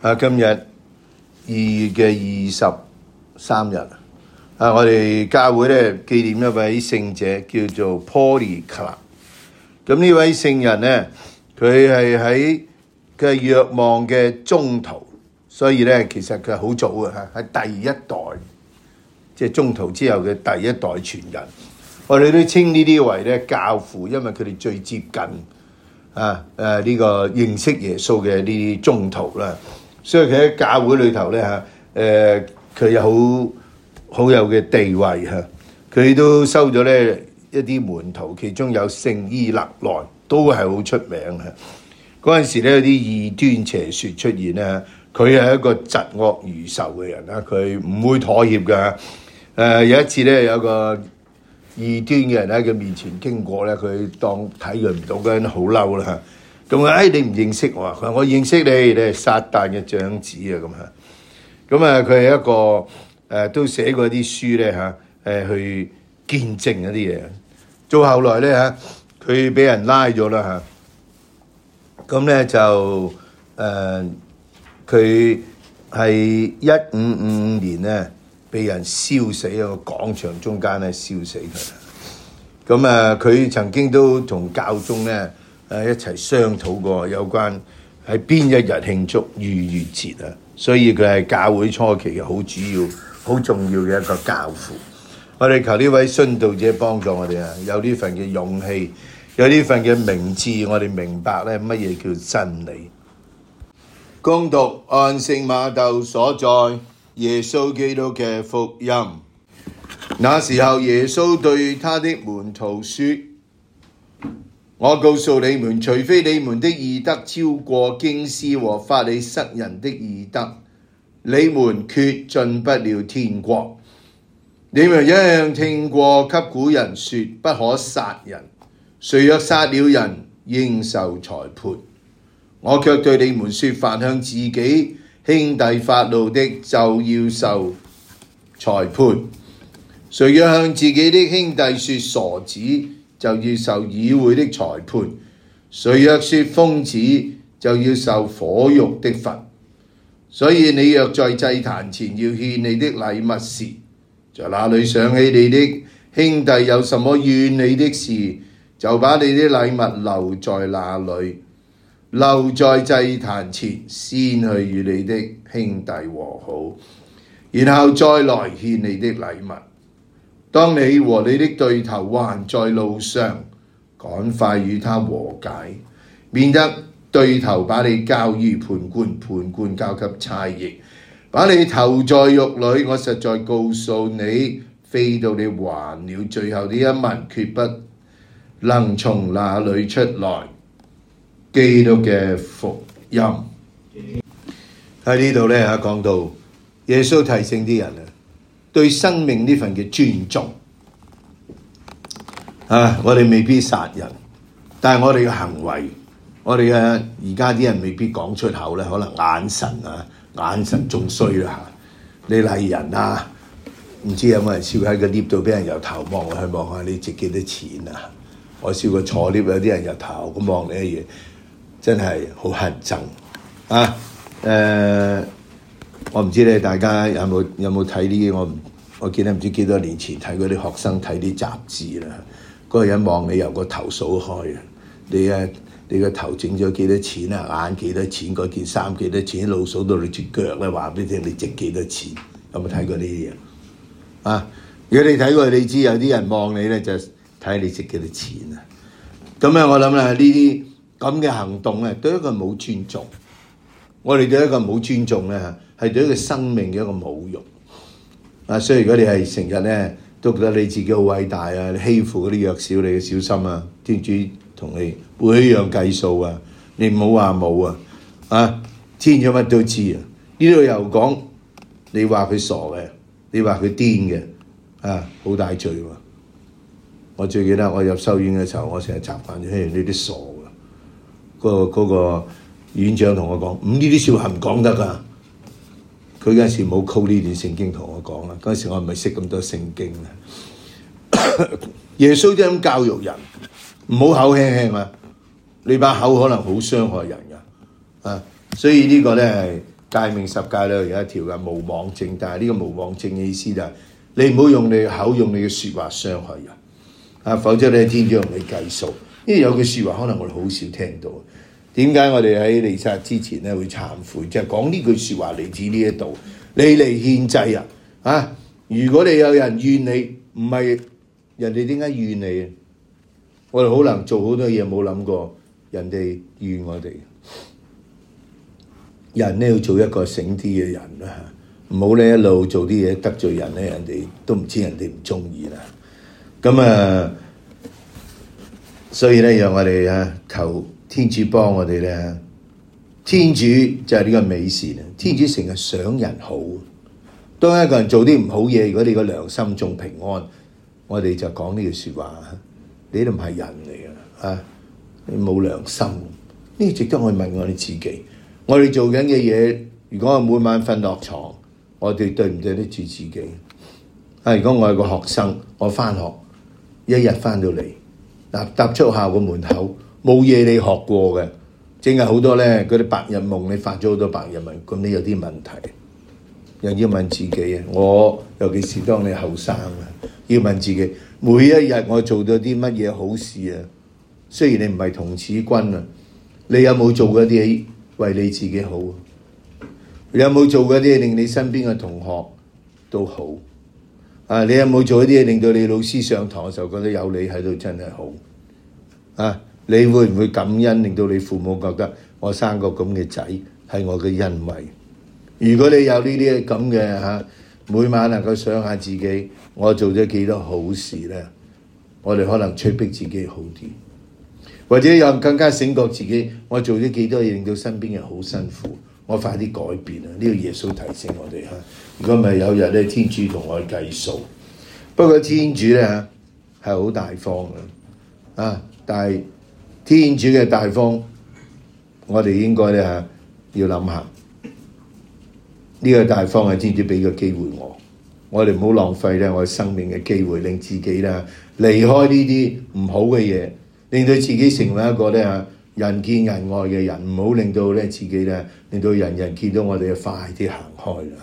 啊！今日二月嘅二十三日，啊，我哋教會咧紀念一位聖者叫做 Polycarp。咁呢位聖人咧，佢係喺佢係若望嘅宗徒，所以咧其實佢好早啊，喺第一代，即係宗徒之後嘅第一代傳人。我哋都稱呢啲為咧教父，因為佢哋最接近啊誒呢個認識耶穌嘅呢啲宗徒啦。所以佢喺教會裏頭咧嚇，誒、呃、佢有好好有嘅地位嚇，佢、啊、都收咗咧一啲門徒，其中有聖依勒內都係好出名嘅。嗰、啊、陣時咧有啲異端邪説出現咧，佢係一個疾惡如仇嘅人啦，佢唔會妥協嘅。誒、啊、有一次咧有個異端嘅人喺佢面前經過咧，佢當睇佢唔到，嗰陣好嬲啦。咁啊！哎，你唔認識我啊？佢話：我認識你，你係撒但嘅長子啊！咁樣。咁啊，佢係一個誒，都寫過啲書咧嚇，誒去見證一啲嘢。到後來咧嚇，佢俾人拉咗啦嚇。咁咧就誒，佢係一五五五年咧，俾人燒死喺個廣場中間咧，燒死佢。咁啊，佢曾經都同教宗咧。誒一齊商討過有關喺邊一日慶祝逾越節啊！所以佢係教會初期嘅好主要、好重要嘅一個教父。我哋求呢位殉道者幫助我哋啊，有呢份嘅勇氣，有呢份嘅明智。我哋明白咧乜嘢叫真理。恭讀安聖瑪竇所載，耶穌基督嘅福音。那時候耶穌對他的門徒説。我告訴你們，除非你們的義德超過經師和法利塞人的義德，你們決進不了天國。你們一向聽過，給古人說不可殺人，誰若殺了人應受裁判。我卻對你們說，凡向自己兄弟發怒的就要受裁判。誰若向自己的兄弟說傻子，就要受議會的裁判，誰若説瘋子，就要受火獄的罰。所以你若在祭壇前要獻你的禮物時，在那裏想起你的兄弟有什麼怨你的事，就把你的禮物留在那裏，留在祭壇前先去與你的兄弟和好，然後再來獻你的禮物。當你和你的對頭還在路上，趕快與他和解，免得對頭把你交於判官，判官交給差役，把你投在獄裏。我實在告訴你，非到你還了最後的一文，決不能從那裏出來。基督嘅福音喺呢度咧，吓講到耶穌提醒啲人啊。對生命呢份嘅尊重啊，我哋未必殺人，但係我哋嘅行為，我哋嘅而家啲人未必講出口咧，可能眼神啊，眼神仲衰啦。你麗人啊，唔知有冇人試過喺個 lift 度，俾人由頭望去望下，你值幾多錢啊？我試過坐 lift 有啲人由頭咁望你嘅嘢，真係好乞憎啊！誒、啊。呃我唔知咧，大家有冇有冇睇呢啲？我唔，我記得唔知幾多年前睇過啲學生睇啲雜誌啦。嗰個人望你由個頭數開啊！你啊，你個頭整咗幾多錢啊？眼幾多錢？嗰件衫幾多錢？數數到你隻腳咧，話俾你聽，你值幾多錢？有冇睇過呢啲嘢啊？如果你睇過，你知有啲人望你咧，就睇你值幾多錢啊！咁啊，我諗啊，呢啲咁嘅行動咧，對一個冇尊重，我哋對一個冇尊重咧。係對一個生命嘅一個侮辱啊！所以如果你係成日咧都覺得你自己好偉大啊，你欺負嗰啲弱小，你小心啊！天主同你每樣計數啊！你唔好話冇啊！啊！天主乜都知啊！呢度又講你話佢傻嘅，你話佢癲嘅啊！好大罪喎，啊！我最記得我入修院嘅時候，我成日習慣誒呢啲傻嘅，嗰個嗰、嗰個院長同我講：唔呢啲笑話唔講得噶。佢嗰時冇 call 呢段聖經同我講啦，嗰時我唔係識咁多聖經啊。 耶穌都咁教育人，唔好口輕輕啊，你把口可能好傷害人噶。啊，所以呢個咧係誡命十誡裏有一條嘅無妄證。但係呢個無妄證嘅意思就係你唔好用你口、用你嘅說話傷害人啊，否則咧天主將你計數。因為有句說話可能我哋好少聽到。點解我哋喺離世之前咧會懺悔？就係講呢句説話嚟自呢一度，你嚟獻祭啊！啊，如果你有人怨你，唔係人哋點解怨你？我哋可能做好多嘢冇諗過，人哋怨我哋。人咧要做一個醒啲嘅人啦，唔好咧一路做啲嘢得罪人咧，人哋都唔知人哋唔中意啦。咁啊，所以咧讓我哋啊求。天主幫我哋咧，天主就係呢個美事。啊！天主成日想人好，當一個人做啲唔好嘢，如果你個良心仲平安，我哋就講呢句説話：你都唔係人嚟啊！啊，你冇良心，呢值得可以問我哋自己：我哋做緊嘅嘢，如果我每晚瞓落床，我哋對唔對得住自己？啊！如果我係個學生，我翻學一日翻到嚟，搭搭出校嘅門口。冇嘢，你學過嘅淨係好多咧。嗰啲白日夢，你發咗好多白日夢，咁你有啲問題，又要問自己啊。我尤其是當你後生啊，要問自己每一日我做到啲乜嘢好事啊？雖然你唔係童子軍啊，你有冇做過啲為你自己好？你有冇做過啲令你身邊嘅同學都好啊？你有冇做過啲令到你老師上堂嘅時候覺得有你喺度，真係好啊？你會唔會感恩令到你父母覺得我生個咁嘅仔係我嘅恩惠？如果你有呢啲咁嘅嚇，每晚能夠想下自己，我做咗幾多好事咧？我哋可能催逼自己好啲，或者有更加醒覺自己，我做咗幾多嘢令到身邊嘅人好辛苦，我快啲改變啊！呢個耶穌提醒我哋嚇，如果唔係有日咧，天主同我計數。不過天主咧嚇係好大方嘅，啊，但係。天主嘅大方，我哋應該咧要諗下呢個大方係天主俾個機會我，我哋唔好浪費咧我生命嘅機會，令自己咧離開呢啲唔好嘅嘢，令到自己成為一個咧人見人愛嘅人，唔好令到咧自己咧令到人人見到我哋啊快啲行開啦。